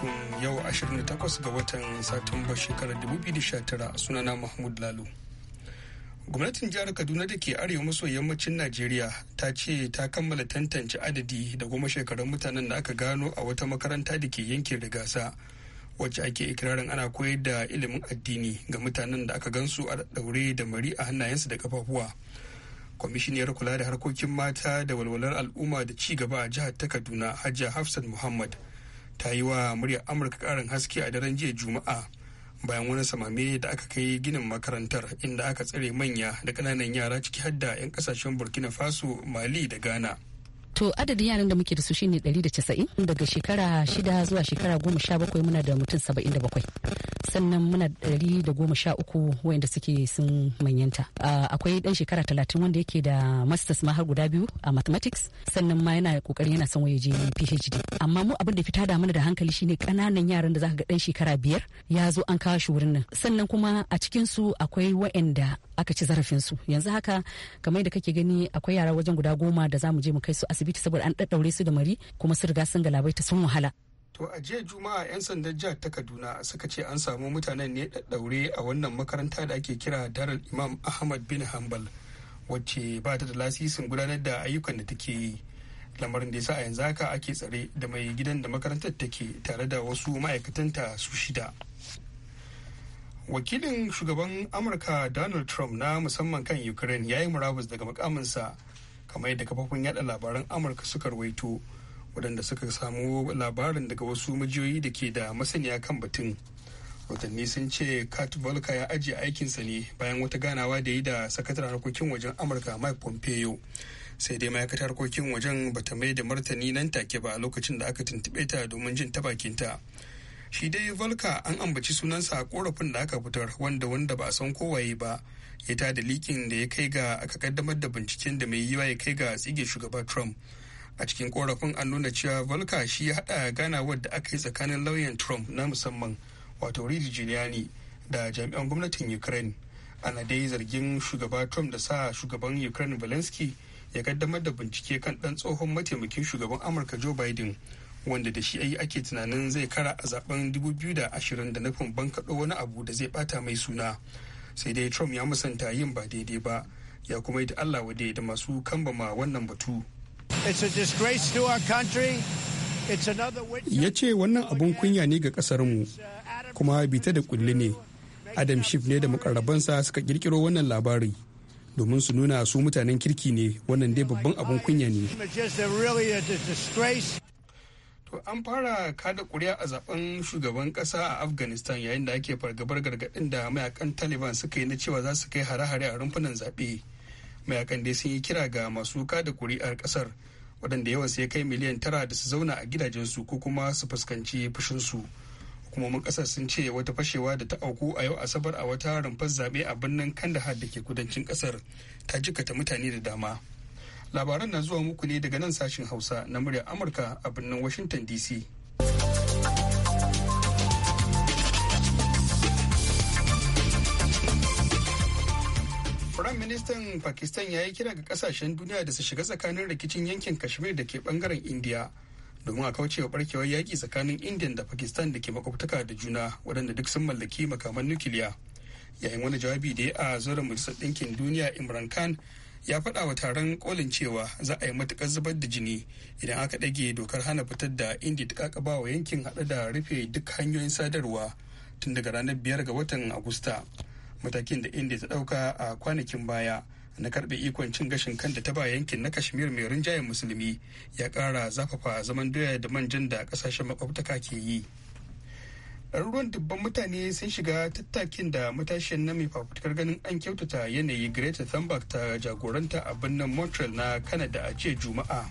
kafin yau 28 ga watan satumba shekarar 2019 sunana mahmud lalo gwamnatin jihar kaduna da ke arewa maso yammacin najeriya ta ce ta kammala tantance adadi da goma shekarun mutanen da aka gano a wata makaranta da ke yankin gasa. wacce ake ikirarin ana koyar da ilimin addini ga mutanen da aka gansu a daure da mari a hannayensu da kafafuwa kwamishiniyar kula da harkokin mata da walwalar al'umma da ci gaba a jihar ta kaduna Hajji hafsat muhammad ta yi wa muryar amurka karin haske a daren jiya juma'a bayan wani samame da aka kai ginin makarantar inda aka tsare manya da ƙananan yara ciki hadda 'yan kasashen burkina faso mali da ghana to adadin yaran da muke da su shine 190 daga shekara shida zuwa shekara goma sha bakwai muna da mutum 77 sannan muna da goma sha uku wayanda suke sun manyanta akwai dan shekara talatin wanda yake da masters ma har guda biyu a mathematics sannan ma yana kokarin yana son waje phd amma mu abin da fita da mana da hankali shine kananan yaran da zaka ga dan shekara biyar ya zo an kawo shi wurin nan sannan kuma a cikin su akwai wayanda aka ci zarafinsu yanzu haka kamar da kake gani akwai yara wajen guda goma da za mu je mu kai su asibiti saboda an ɗaɗɗaure su da mari kuma su riga sun ta sun wahala To a jiya Juma'a 'yan sandan jihar ta Kaduna suka ce an samu mutanen ne ɗaɗɗaure a wannan makaranta da ake kira Darul Imam Ahmad bin Hanbal wacce ba ta da lasisin gudanar da ayyukan da take yi. Lamarin da ya sa a yanzu haka ake tsare da mai gidan da makarantar take tare da wasu ma'aikatanta su shida. wakilin shugaban amurka donald trump na musamman kan ukraine ya yi murabus daga makaminsa kamar yadda kafafun yada labaran amurka suka rawaito waɗanda suka samu labarin daga wasu majiyoyi da ke da masaniya kan batun watanni sun ce kat volka ya ajiye aikinsa ne bayan wata ganawa da yi da sakatare harkokin wajen amurka mike pompeo sai dai ma'aikatar harkokin wajen bata mai da martani nan take ba lokacin da aka tuntube ta domin jin ta bakinta shi dai valka an ambaci sunansa a korafin da aka fitar wanda wanda ba a san kowaye ba ya ta da likin da ya kai ga aka kaddamar da binciken da mai yiwa ya kai ga tsige shugaba trump a cikin korafin an nuna cewa valka shi ya hada ganawar da aka yi tsakanin lauyan trump na musamman wato rudy giuliani da jami'an gwamnatin ukraine ana dai zargin shugaba trump da sa shugaban ukraine zelensky ya kaddamar da bincike kan dan tsohon mataimakin shugaban amurka joe biden wanda da shi ayi ake tunanin zai kara a zaben 2020 da nufin bankaɗo wani abu da zai bata mai suna sai dai trump ya musanta yin ba daidai ba ya kuma yi da allah wade da masu kambama wannan batu ya ce wannan abun kunya ne ga kasarmu kuma bita da kulli ne adam shif ne da makarabansa suka kirkiro wannan labari domin su nuna su mutanen kirki ne wannan dai babban abun kunya ne To an fara kada kuri'a a zaben shugaban kasa a Afghanistan yayin da ake fargabar gargaɗin da mayakan Taliban suka yi na cewa za su kai hare-hare a rumfunan zaɓe. Mayakan dai sun yi kira ga masu kada kuri'ar ƙasar waɗanda yawan sai kai miliyan tara da su zauna a gidajensu ko kuma su fuskanci fushinsu. Hukumomin ƙasar sun ce wata fashewa da ta auku a yau Asabar a wata rumfar zaɓe a birnin Kandahar da ke kudancin ƙasar ta jikata mutane da dama. labaran na zuwa muku ne daga nan sashen hausa na murya amurka a birnin washington dc Firaministan Pakistan ya yi kira ga kasashen duniya da su shiga tsakanin rikicin yankin Kashmir da ke bangaren India domin a kaucewa barkewar yaƙi tsakanin india da Pakistan da ke makwabtaka da juna waɗanda duk sun mallaki makaman nukiliya. Yayin wani jawabi da ya a zura majalisar ɗinkin duniya Imran Khan ya faɗa wa taron kolin cewa za a yi matukar zubar da jini idan aka ɗage dokar hana fitar da indi ta kakaba wa yankin haɗe da rufe duk hanyoyin sadarwa tun daga ranar biyar ga watan agusta matakin da indi ta ɗauka a kwanakin baya na karɓe ikon cin gashin kan da ta ba yankin na kashmir mai rinjayen musulmi ya ƙara zafafa zaman doya da manjan da ƙasashen makwabtaka ke yi. ruwan dubban mutane sun shiga tattakin da matashin na mai fafutukar ganin an kyautata yanayi greta thunberg ta jagoranta a birnin montreal na canada a jiya juma'a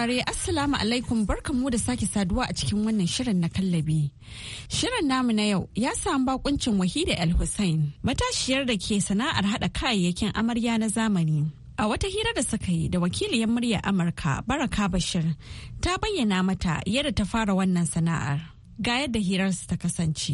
saurare Assalamu alaikum barkanmu da sake saduwa a cikin wannan shirin na kallabi. Shirin namu na yau ya samu bakuncin Wahida al Hussein, matashiyar da ke sana'ar hada kayayyakin amarya na zamani. A wata hira da suka yi da wakiliyar murya Amurka Baraka Bashir ta bayyana mata yadda ta fara wannan sana'ar. Ga yadda hirarsu ta kasance.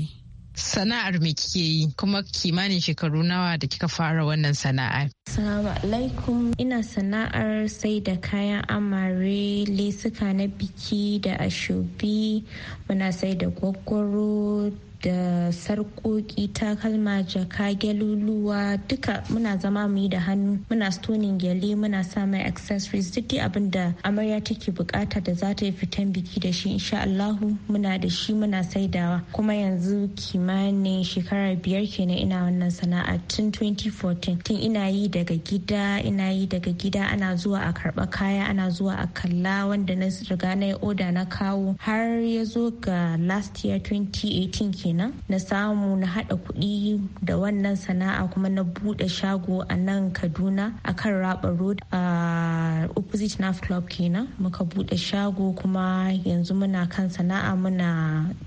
sana'ar me kike yi kuma kimanin shekaru nawa da kika fara wannan sana'a Assalamu alaikum ina sana'ar sai da kayan amare lesuka na biki da ashobi muna sai da gwaggwaro da sarƙoƙi takalma jaka geluluwa duka muna zama mu yi da hannu muna stonin gyale muna sa mai accessories duk dai abin da amarya take bukata da za ta yi fitan biki da shi insha Allahu muna da shi muna saidawa kuma yanzu kimanin shekara biyar kenan ina wannan sana'a tun 2014 tun ina yi daga gida ina yi daga gida ana zuwa a karba kaya ana zuwa a kalla wanda na riga na yi oda na kawo har ya zo ga last year 2018 kenan na samu na hada kuɗi da wannan sana'a kuma na buɗe shago a nan kaduna a kan raba road a opposite naf club kenan muka buɗe shago kuma yanzu muna kan sana'a muna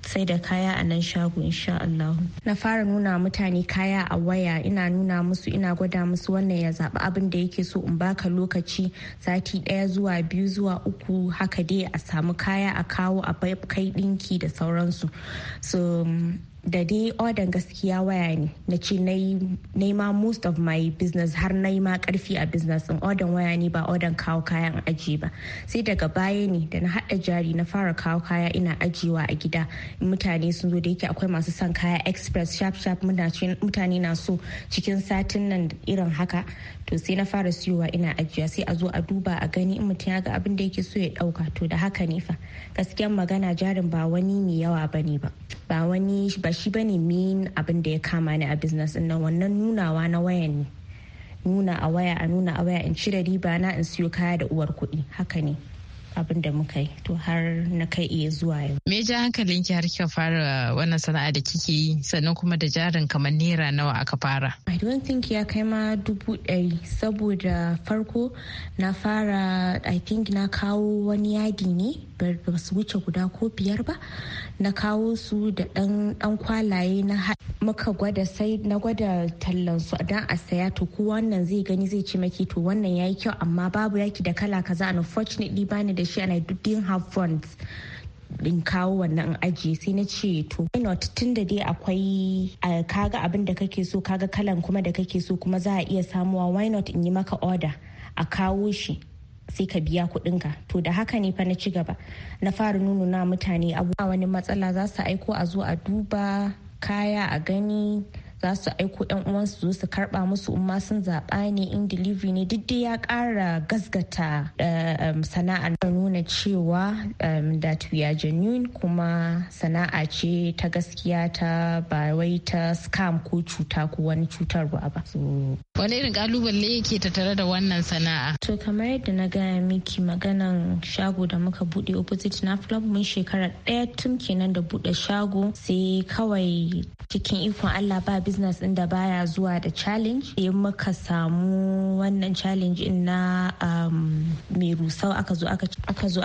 sai da kaya a nan shago insha Allah. na fara nuna mutane kaya a waya ina nuna musu ina gwada musu wannan ya zaɓi abin da yake so in baka lokaci sati ɗaya zuwa biyu zuwa uku haka dai a samu kaya a kawo a kai ɗinki da sauransu so da dai odan gaskiya waya ne na ce na yi ma most of my business har na ma karfi a business in odan waya ne ba odan kawo kayan aji ba sai daga baya ne da na hada jari na fara kawo kaya ina ajiyewa a gida mutane sun zo da yake akwai masu son kaya express sharp sharp mutane na so cikin satin nan irin haka to sai na fara siyowa ina ajiya sai a zo a duba a gani in mutum ya ga abin da yake so ya dauka to da haka ne fa gaskiyan magana jarin ba wani mai yawa bane ba ba wani ba ba shi bane min abin da ya kama ni a business din nan wannan nunawa na waya ne nuna a waya a nuna a waya in cire riba na in siyo kaya da uwar kuɗi haka ne abin da muka yi to har na kai iya zuwa yau. Me ja hankalin ki har kika fara wannan sana'a da kike yi sannan kuma da jarin kamar naira nawa aka fara? I don't think ya kai ma dubu ɗari saboda farko na fara I think na kawo wani yadi ne ba su wuce guda ko biyar ba na kawo su da dan kwalaye na muka gwada sai na gwada tallan su dan a saya to ko wannan zai gani zai ci maki to wannan yayi kyau amma babu yaki da kala kaza unfortunately bani da shi and I didn't have funds in kawo wannan aji sai na ce to not tun da dai akwai kaga abin da kake so kaga kalan kuma da kake so kuma za a iya samuwa why not in yi maka order a kawo shi sai ka biya kuɗinka to da haka ne fa na ci gaba na fara nuna mutane abu wani matsala za su aiko a zo a duba kaya a gani za su aiko yan uwansu zo su karba musu umma sun zaɓa ne in delivery ne duk dai ya ƙara gasgata eh, sana'a da nuna cewa that we are genuine kuma sana'a ce ta gaskiya ta ba wai ta scam ko cuta ko wani cutarwa ba. Wani irin kalubale yake tattare da wannan sana'a? To kamar yadda na gaya miki maganan shago da muka bude opposite na flop mun shekara ɗaya tun kenan da buɗe shago sai kawai cikin ikon Allah ba business din da baya zuwa da challenge in muka samu wannan challenge in na um, mai rusau aka zo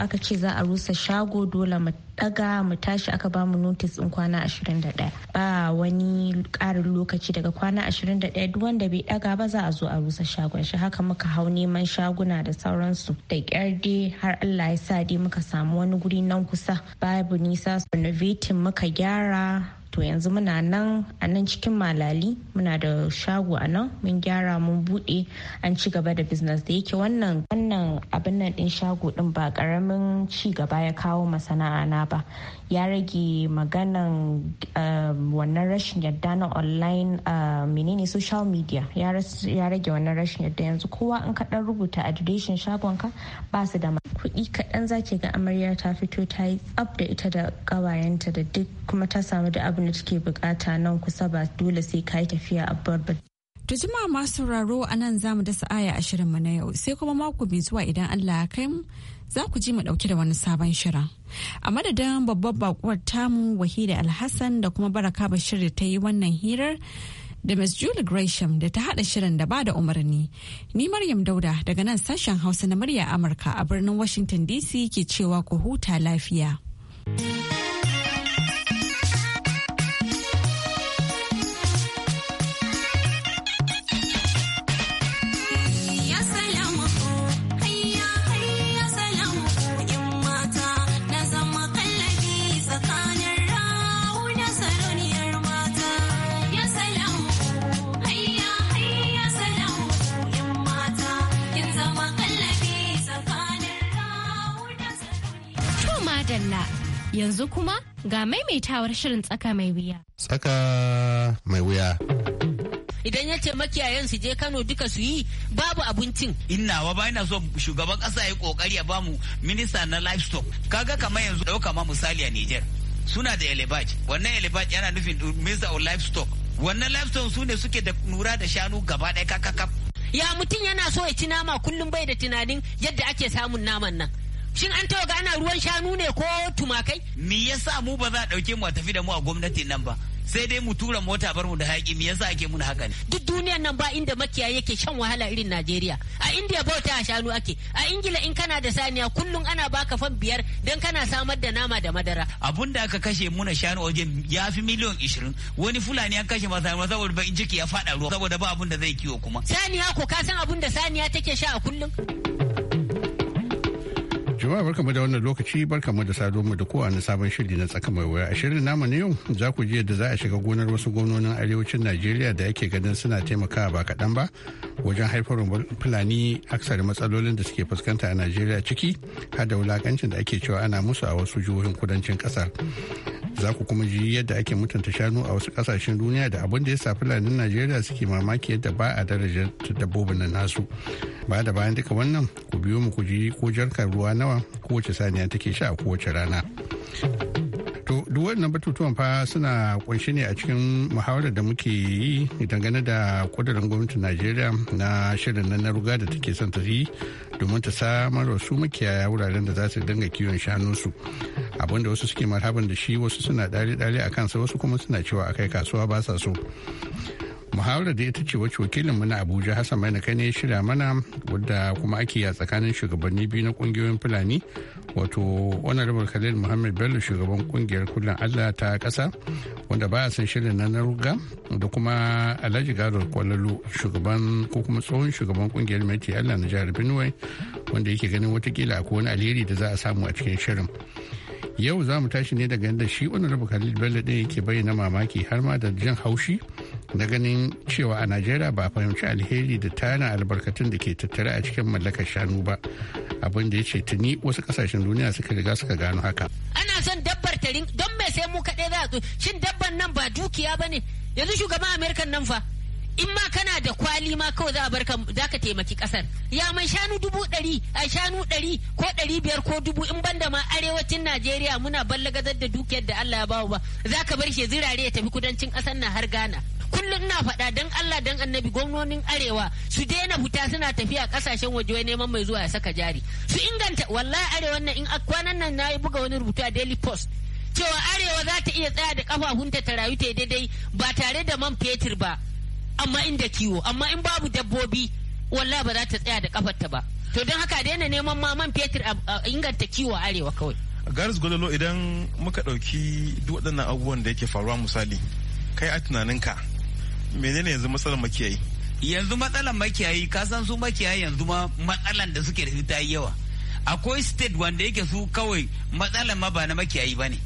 aka ce za a rusa shago dole mu daga mu tashi aka ba mu notice in kwana 21 ba wani karin lokaci daga kwana 21 duk wanda bai daga ba za a zo a rusa shagon shi haka muka hau neman shaguna da sauransu da kyar dai har Allah ya sa dai muka samu wani guri nan kusa babu nisa renovating muka gyara to yanzu muna nan a nan cikin malali muna da shago a nan mun gyara mun bude an ci gaba da business da yake wannan wannan abin nan din shago din ba karamin ci gaba ya kawo masana'a na ba ya rage maganan um, wannan rashin yadda na online um, menene social media ya rage wannan rashin yadda yanzu kowa in ka dan rubuta adireshin ka ba su da kuɗi kaɗan zaki ga amarya ta fito ta yi tsab da ita da kawayenta da duk kuma ta samu da abin da ke bukata nan kusa ba dole sai ka yi tafiya a babban. To jima masu sauraro a nan za mu dasa aya ashirin mu na yau sai kuma mako mai zuwa idan Allah ya kai mu za ku ji mu dauki da wani sabon shirin. A madadin babbar bakuwar tamu Wahida Alhassan da kuma Baraka Bashir da ta yi wannan hirar da Ms. Julie Gresham da ta hada shirin da ba da umarni. Ni Maryam Dauda daga nan sashen Hausa na murya Amurka a birnin Washington DC ke cewa ku huta lafiya. Yanzu kuma ga maimaitawar shirin tsaka mai wuya. Tsaka mai wuya. idan ya ce makiyayen su je Kano duka su yi babu abincin. wa ba ina so shugaban kasa ya kokari ya bamu minista na livestock. Kaga kamar yanzu dauka ma misali a nijar Suna da elebaj. Wannan elebaj yana nufin minista of livestock. Wannan livestock su ne suke da nura da shanu gaba ɗaya kakakaf. Ya mutum yana so ya ci nama kullum bai da tunanin yadda ake samun naman nan. shin an tawaga ana ruwan shanu ne ko tumakai me yasa mu ba za a dauke mu a tafi da mu a gwamnatin nan ba sai dai mu tura mota bar mu da haƙi me yasa ake muna haka ne duk duniyan nan ba inda makiya yake shan wahala irin Najeriya a India bauta a shanu ake a Ingila in kana da saniya kullum ana baka fan biyar dan kana samar da nama da madara abun da aka kashe muna shanu a wajen ya fi miliyan 20 wani fulani an kashe masa saboda in ciki ya fada ruwa saboda ba abun da zai kiwo kuma saniya ko ka san abun da saniya take sha a kullum Jama'a barkamu da wannan lokaci barkamu da sado mu da na sabon shiri na tsaka mai waya. ashirin shirin namu na yau za ku ji yadda za a shiga gonar wasu gwamnonin arewacin Najeriya da ake ganin suna taimakawa ba kaɗan ba wajen haifar Fulani aksar matsalolin da suke fuskanta a Najeriya ciki har da wulakancin da ake cewa ana musu a wasu jihohin kudancin ƙasar. za ku kuma ji yadda ake mutunta shanu a wasu kasashen duniya da abin da ya sa fulanin najeriya suke mamaki yadda ba a darajar dabbobin na nasu ba da bayan duka wannan ku biyo mu ku ji ko jarkar ruwa nawa kowace saniya take sha a kowace rana to duk wannan batutuwan fa suna kunshi ne a cikin muhawarar da muke yi dangane da kudurin gwamnatin najeriya na shirin na ruga da take son ta yi domin ta samar wa su makiyaya wuraren da za su dinga kiwon shanunsu abin da wasu suke marhaban da shi wasu suna dare-dare a kansa wasu kuma suna cewa akai kasuwa ba sa so muhawarar da ita ce wacce wakilin na abuja hassan mai kai ne shirya mana wadda kuma ake yi a tsakanin shugabanni biyu na kungiyoyin fulani wato honorable khalil muhammad bello shugaban kungiyar kullum allah ta kasa wanda baya son shirin na ruga da kuma alhaji gado kwalalu shugaban ko kuma tsohon shugaban kungiyar mai allah na jihar benue wanda yake ganin watakila akwai wani alheri da za a samu a cikin shirin yau za mu tashi ne daga yadda shi honorable khalil bello ɗin yake bayyana mamaki har ma da jan haushi na ganin cewa a najeriya ba a fahimci alheri da tana albarkatun da ke tattare a cikin mallakar shanu ba abin da ya ce tuni wasu kasashen duniya suka riga suka gano haka ana son dabbar tarin don me sai mu kaɗai za su shin dabban nan ba dukiya ba ne yanzu shugaban amerikan nan fa in ma kana da kwali ma kawai za a barka za ka taimaki kasar ya mai shanu dubu ɗari a shanu ɗari ko ɗari biyar ko dubu in banda ma arewacin najeriya muna ballagazar da dukiyar da allah ya bawa ba za ka bar shi zirare ya tafi kudancin kasar na har ghana kullum ina faɗa dan Allah dan annabi gwamnonin arewa su daina fita suna tafiya kasashen waje wai neman mai zuwa ya saka jari su inganta wallahi arewa nan in kwanan nan nayi buga wani rubutu a Daily Post cewa arewa za ta iya tsaya da kafafunta ta rayu ta daidai ba tare da man fetur ba amma inda kiwo amma in babu dabbobi wallahi ba za ta tsaya da kafarta ba to don haka daina neman ma man fetur a inganta kiwo arewa kawai garis gololo idan muka ɗauki duk waɗannan abubuwan da yake faruwa misali kai a tunaninka menene yanzu matsalar makiyayi yanzu matsalar makiyayi ka su makiyayi yanzu ma matsalar da suke da ita yawa akwai state wanda yake su kawai matsalar ma ba na makiyayi ba ne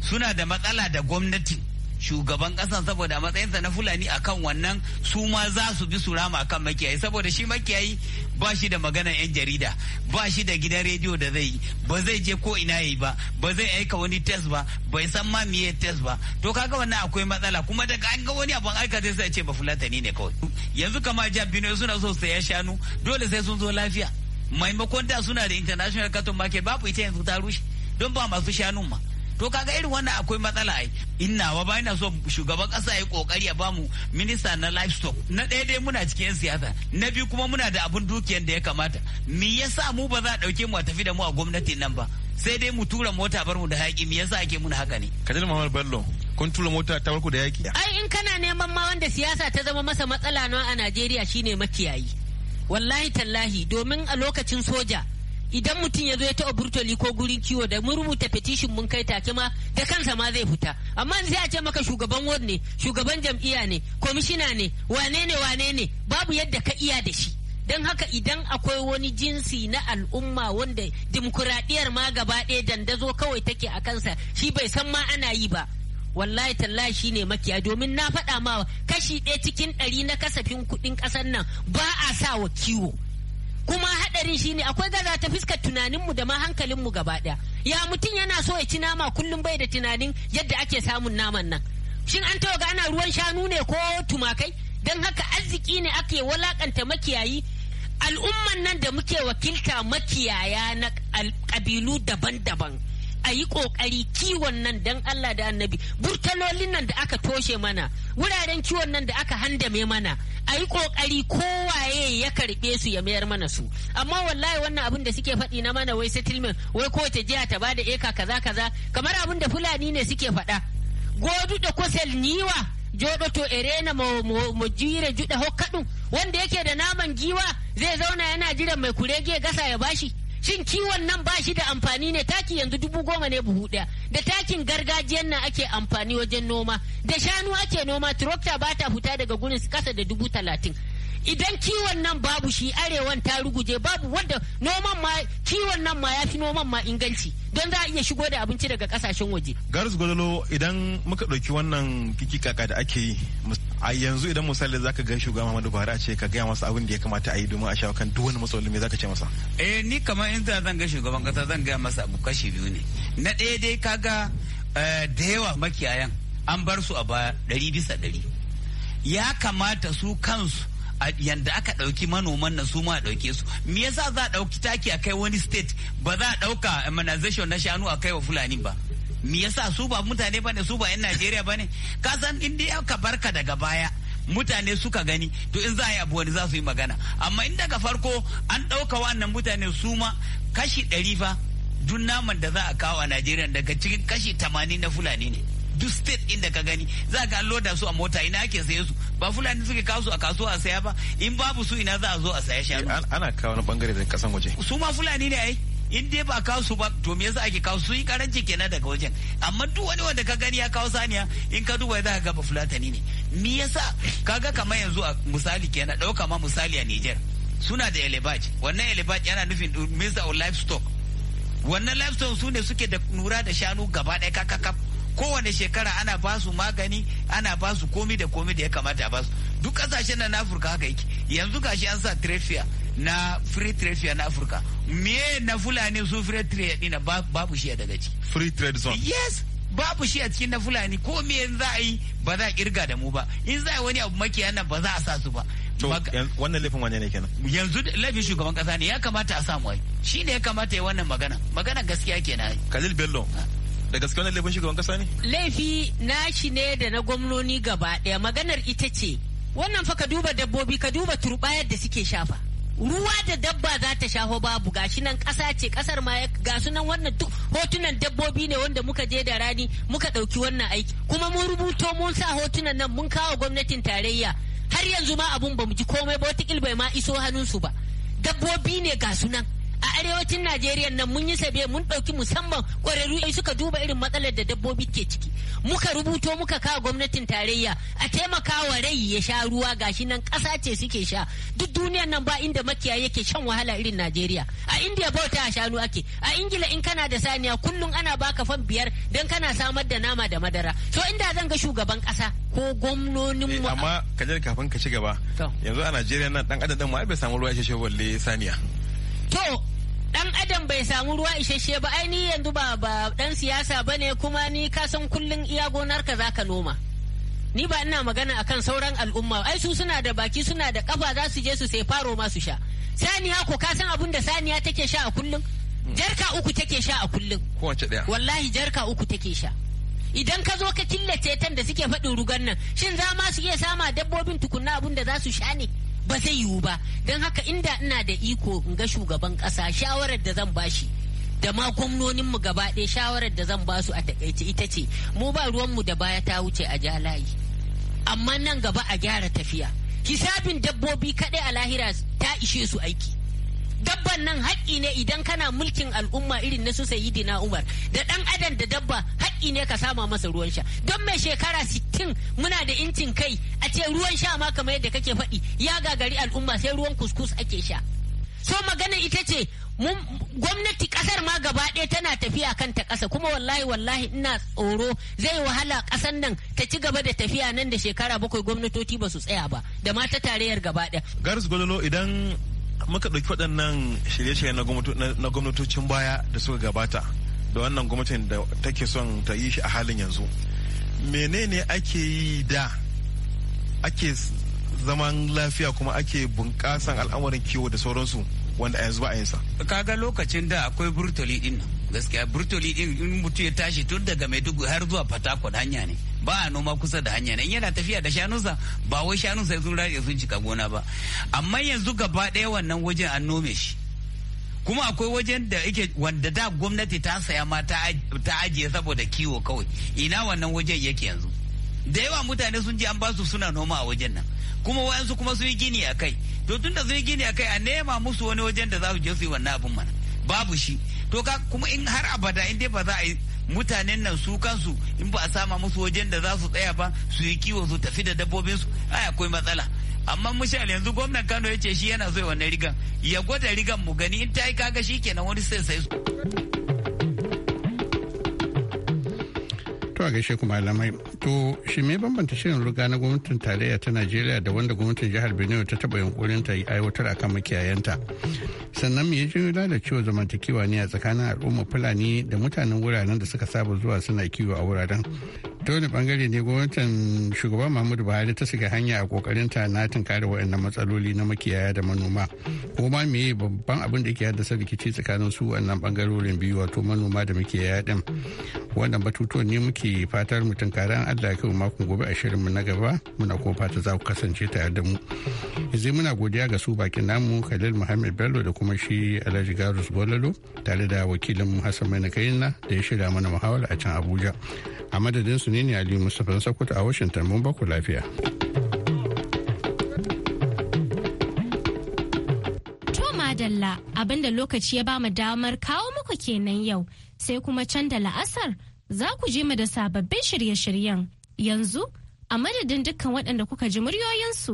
suna da matsala da gwamnati shugaban kasa saboda matsayinsa na fulani akan wannan su ma za su bi surama rama akan makiyayi saboda shi makiyayi ba shi da magana yan jarida ba shi da gidan rediyo da zai yi ba zai je ko ina yi ba ba zai aika wani test ba bai san ma miye test ba to kaga wannan akwai matsala kuma daga an ga wani abun aika sai ce ba fulatani ne kawai yanzu kamar jihar Bino suna so ya shanu dole sai sun zo lafiya maimakon da suna da international cotton market babu ita yanzu ta rushe don ba masu shanun ma to kaga irin wannan akwai matsala ai wa ba ina so shugaban kasa ya kokari ya bamu minista na livestock na ɗaya dai muna cikin yan siyasa na biyu kuma muna da abun dukiyan da ya kamata me yasa mu ba za a dauke mu a tafi da mu a gwamnatin nan ba sai dai mu tura mota bar mu da haƙi me yasa ake muna haka ne kadil muhammad bello kun tura mota ta barku da yaƙi ai in kana neman ma wanda siyasa ta zama masa matsala na a najeriya shine makiyayi wallahi tallahi domin a lokacin soja idan mutum ya zo ya taɓa burtoli ko gurin kiwo da mun rubuta petition mun kai take ma da kansa ma zai fita amma sai a ce maka shugaban ward ne shugaban jam'iyya ne komishina ne wane ne wane ne babu yadda ka iya da shi don haka idan akwai wani jinsi na al'umma wanda dimokuraɗiyar ma gaba ɗaya dandazo kawai take a kansa shi bai san ma ana yi ba wallahi tallahi shi ne makiya domin na faɗa ma kashi ɗaya cikin ɗari na kasafin kuɗin ƙasar nan ba a sa wa kiwo kuma hadarin shine akwai gaza ta fuskar tunaninmu da ma hankalinmu gaba daya ya mutum yana so ya ci nama kullum bai da tunanin yadda ake samun naman nan shin an taba ana ruwan shanu ne ko tumakai don haka arziki ne ake walakanta makiyayi al'umman nan da muke wakilta makiyaya na kabilu daban-daban a yi kokari kiwon nan dan Allah da annabi burtalolin nan da aka toshe mana wuraren kiwon nan da aka handame mana a yi kokari kowaye ya karɓe su ya mayar mana su amma wallahi wannan abin da suke faɗi na mana wai settlement wai kowace jiya ta bada eka kaza kaza kamar abin da fulani ne suke faɗa godu da kusel niwa to erena mo jire juda wanda yake da naman giwa zai zauna yana jiran mai kurege gasa ya bashi shin kiwon nan ba shi da amfani ne taki yanzu dubu goma ne buhu ɗaya da takin gargajiyan nan ake amfani wajen noma da shanu ake noma tractor ba ta fita daga gurin kasa da dubu talatin idan kiwon nan babu shi arewan ta ruguje babu wanda noman ma kiwon nan ma ya fi noman ma inganci don za a iya shigo da abinci daga kasashen waje. Garis Godolo idan muka ɗauki wannan kikikaka da ake yi a yanzu idan misali za ka ga shugaba Muhammadu Buhari a ce ka gaya masa abin da ya kamata a yi domin a shawo kan duk wani matsaloli me za ka ce masa. Eh ni kamar in za zan ga shugaban kasa zan gaya masa abu kashi biyu ne. Na ɗaya dai kaga eh, da yawa makiyayan an bar su a baya ɗari bisa ɗari. Ya kamata su kansu yanda aka ɗauki manoman nan su ma ɗauke su me yasa za a ɗauki taki a kai wani state ba za a ɗauka immunization na shanu a kai wa fulani ba me yasa su ba mutane ba ne su ba 'yan najeriya ba ne ka san in dai aka barka daga baya mutane suka gani to in za a yi abu wani za su yi magana amma in daga farko an ɗauka wannan mutane su ma kashi ɗari fa duk naman da za a kawo a najeriya daga cikin kashi tamanin na fulani ne duk state inda ka gani za ka loda su a mota ina ake saye su ba fulani suke kawo su a kasuwa a saya ba in babu su ina za a zo a saya shanu ana kawo wani bangare da kasan waje su ma fulani ne ai in dai ba kawo su ba to me yasa ake kawo su yi karanci kenan daga wajen amma duk wani wanda ka gani ya kawo saniya in ka duba za ka ga ba fulatani ne me yasa kaga kamar yanzu a misali kenan dauka ma misali a Niger suna da elebaj wannan elebaj yana nufin minister of livestock wannan livestock su ne suke da nura da shanu gaba ɗaya kakakaf kowane shekara ana ba su magani ana ba su komi da komi da ya kamata a ba su duk kasashen na afirka haka yake yanzu gashi an sa trefia na free trade fair na afirka me na fulani su free trade dina babu shi daga ciki free trade zone yes babu shi a cikin na fulani ko me za a yi ba za a kirga da mu ba in za a wani abu maki yana ba za a sa su ba to wannan laifin wane ne kenan yanzu laifin shugaban kasa ne ya kamata a samu ai shi ne ya kamata ya wannan magana magana gaskiya kenan Kalil bello ha. Ah. da gaske wannan laifin shugaban kasa ne laifi nashi ne da na gwamnoni gaba daya maganar ita ce wannan fa ka duba dabbobi ka duba turbayar da suke shafa ruwa da dabba za ta shaho babu gashi nan ƙasa ce ƙasar ma ga sunan wannan duk hotunan dabbobi ne wanda muka je da rani muka ɗauki wannan aiki kuma mun rubuto mun sa hotunan nan mun kawo gwamnatin tarayya har yanzu ma abun ba mu ji komai ba wata bai ma iso hannun su ba dabbobi ne ga sunan a arewacin najeriya nan mun yi sabe mun ɗauki musamman ƙwararru in suka duba irin matsalar da dabbobi ke ciki muka rubuto muka kawo gwamnatin tarayya a taimaka wa rai ya sha ruwa gashi nan ƙasa ce suke sha duk duniyan nan ba inda makiya yake shan wahala irin najeriya a indiya bauta a shanu ake a ingila in kana da saniya kullum ana baka fan biyar don kana samar da nama da madara to inda zan ga shugaban ƙasa ko gwamnonin mu eh, amma kajar kafin ka ci gaba yanzu a najeriya nan dan mu ma bai samu ruwa ya shi balle saniya to dan adam bai samu ruwa isasshe ba ai ni yanzu ba ba dan siyasa bane kuma ni ka san kullun iya gonar ka zaka noma ni ba ina magana akan sauran al'umma ai su suna da baki suna da kafa za su je su sai faro ma su sha saniya ko ka san abin da saniya take sha a kullun hmm. jarka uku take sha a kullun kowace daya wallahi jarka uku take sha idan ka zo ka killace tan da suke faɗin rugan nan shin za ma su iya sama dabbobin tukunna abin da za su sha ne ba zai yiwu ba don haka inda ina da iko in ga shugaban kasa shawarar da zan bashi da ma gwamnonin mu gaba ɗaya shawarar da zan ba su a takaice ita ce mu ba ruwan mu da baya ta wuce a jalayi amma nan gaba a gyara tafiya hisabin dabbobi kaɗai a lahira ta ishe su aiki dabban nan haƙƙi ne idan kana mulkin al'umma irin na su na umar da ɗan adam da dabba haƙƙi ne ka sama masa ruwan sha don mai shekara sittin muna da incin kai a ce ruwan sha ma kamar yadda kake faɗi ya gagari al'umma sai ruwan kuskus ake sha so magana ita ce gwamnati kasar ma gaba ɗaya tana tafiya kan ta ƙasa kuma wallahi wallahi ina tsoro zai wahala ƙasar nan ta ci gaba da tafiya nan da shekara bakwai gwamnatoci ba su tsaya ba da ma ta tarayyar gaba ɗaya. garis gololo idan muka ɗauki waɗannan shirye shiryen na gwamnatocin baya da suka gabata da wannan gwamnatin da take son ta yi shi a halin yanzu menene ake yi da ake zaman lafiya kuma ake bunƙasan al'amarin kiwo da sauransu wanda a yanzu ba a yinsa kaga lokacin da akwai burtali din gaskiya burtoli din in mutum ya tashi tun daga maiduguri har zuwa fatakwal hanya ne ba a noma kusa da hanya ne yana tafiya da shanunsa ba wai shanunsa sun rage sun cika gona ba amma yanzu gaba ɗaya wannan wajen an nome shi kuma akwai wajen da yake wanda da gwamnati ta saya ma ta ajiye saboda kiwo kawai ina wannan wajen yake yanzu da yawa mutane sun ji an ba su suna noma a wajen nan kuma wayansu kuma sun yi gini a kai to tun da sun yi gini a kai a nema musu wani wajen da za su je su yi wannan abin mana babu shi to ka kuma in har abada in dai ba za a yi mutanen nan su kansu in ba a sama musu wajen da za su tsaya ba su yi kiwo su tafi da dabbobin su ai akwai matsala amma mushal yanzu gwamnan Kano ya ce shi yana so wannan rigan ya gwada rigan mu gani in ta yi kaga shi kenan wani sai sai su To a gaishe malamai. To shi me bambanta shirin ruga na gwamnatin tarayya ta Najeriya da wanda gwamnatin jihar Benue ta taba yunkurin ta yi aiwatar akan makiyayanta. Sannan me ya ji lalacewa zamantakewa ne a tsakanin al'umma Fulani da mutanen wuraren da suka saba zuwa suna kiwo a wuraren. ta wani bangare ne gwamnatin shugaban muhammadu buhari ta shiga hanya a kokarin ta na tunkare waɗannan matsaloli na makiyaya da manoma ko ma me babban abin da ke haddasa rikici tsakanin su wannan bangarorin biyu wato manoma da makiyaya din wannan batutuwan ne muke fatar mu tunkare an allah kai makon gobe ashirin mu na gaba muna ko fata za ku kasance tare da mu yanzu muna godiya ga su bakin namu khalil muhammad bello da kuma shi alhaji garus bolalo tare da wakilin hassan mai na da ya shirya mana muhawara a can abuja a madadin su ne ne aliyu mustapha sakkwato a washington mun baku lafiya madalla abinda lokaci ya bamu damar kawo muku kenan yau sai kuma can da la'asar za ku je mu da sababbin shirye-shiryen yanzu a madadin dukkan waɗanda kuka ji muryoyinsu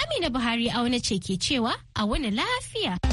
amina buhari auna ce ke cewa a wani lafiya